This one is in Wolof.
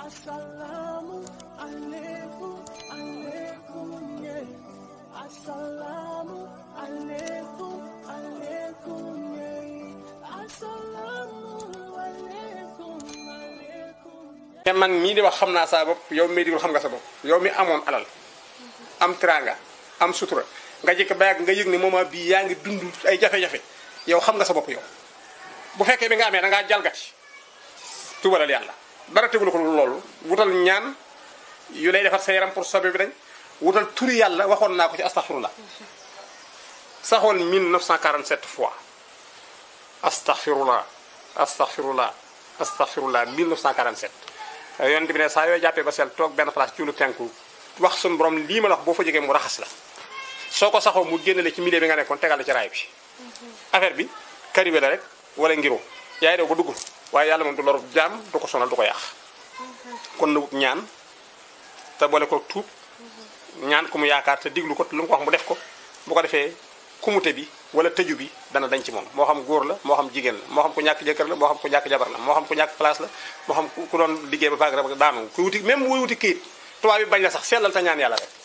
Assalamu alaikum, alaikum, yeah. Assalamu alaikum, alaikum, yeah. Assalamu alaikum, alaikum. te man mii di wax xam naa sa bopp yow mii di xam nga sa bopp yow mi amoon alal am teraanga am sutura nga jëkk ba nga yëg ne moment bii yaa ngi dund ay jafe-jafe yow xam nga sa bopp yow bu fekkee bi nga amee da ngaa jalgati tubalal yàlla. dara tegul ko loolu wutal ñaan yu lay defar sa yaram pour sobe bi dañ wutal turi yàlla waxoon naa ko ci astaxfirullah saxoon 1947 fois astaxfirullah astaxfirullah astaxfirullah 1947 yonent bi ne saa yooy jàppee ba sel toog benn place ci lu tenku wax suñu borom lii ma la boo fa jógee mu raxas la soo ko saxoo mu génnale ci milieu bi nga nekkoon tegal la ci raay bi mhm. affaire bi kariwe la rek wala ngiro yaay doo ko dugg waaye yàlla moom du lor jaam du ko sonal du ko yàq kon na wut ñaan te boole ko tuub ñaan ku mu yaakaar te diglu ko lu mu ko wax mu def ko bu ko defee kumute bi wala tëju bi dana dañ ci moom moo xam góor la moo xam jigéen la moo xam ku ñàkk jëkkër la moo xam ku ñàkk jabar la moo xam ku ñàkk place la moo xam ku doon liggéey ba faak rek daanu ku wuti même wuti kayit tubaab bi bañ la sax sellal sa ñaan yàlla rek